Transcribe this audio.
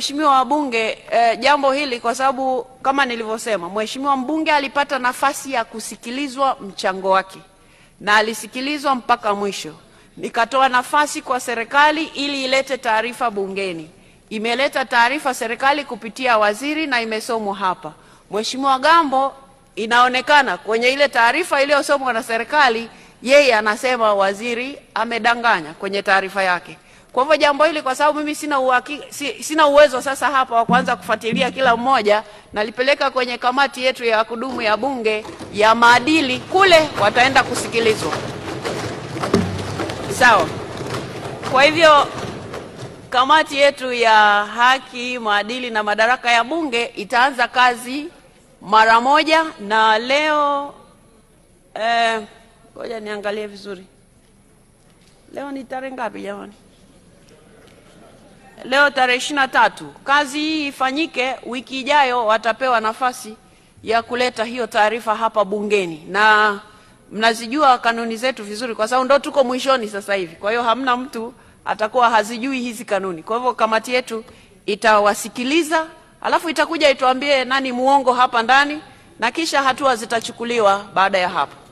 waheshimiwa wabunge eh, jambo hili kwa sababu kama nilivyosema, mheshimiwa mbunge alipata nafasi ya kusikilizwa mchango wake na alisikilizwa mpaka mwisho. Nikatoa nafasi kwa serikali ili ilete taarifa bungeni. Imeleta taarifa serikali kupitia waziri na imesomwa hapa. Mheshimiwa Gambo, inaonekana kwenye ile taarifa iliyosomwa na serikali, yeye anasema waziri amedanganya kwenye taarifa yake. Kwa hivyo jambo hili, kwa sababu mimi sina, uwaki, sina uwezo sasa hapa wa kuanza kufuatilia kila mmoja, nalipeleka kwenye kamati yetu ya kudumu ya Bunge ya maadili, kule wataenda kusikilizwa, sawa. Kwa hivyo kamati yetu ya haki, maadili na madaraka ya Bunge itaanza kazi mara moja na leo eh, ngoja eh, niangalie vizuri leo ni tarehe ngapi jamani? leo tarehe ishirini na tatu. Kazi hii ifanyike, wiki ijayo watapewa nafasi ya kuleta hiyo taarifa hapa bungeni, na mnazijua kanuni zetu vizuri, kwa sababu ndo tuko mwishoni sasa hivi. Kwa hiyo hamna mtu atakuwa hazijui hizi kanuni. Kwa hivyo kamati yetu itawasikiliza, alafu itakuja ituambie nani muongo hapa ndani, na kisha hatua zitachukuliwa baada ya hapo.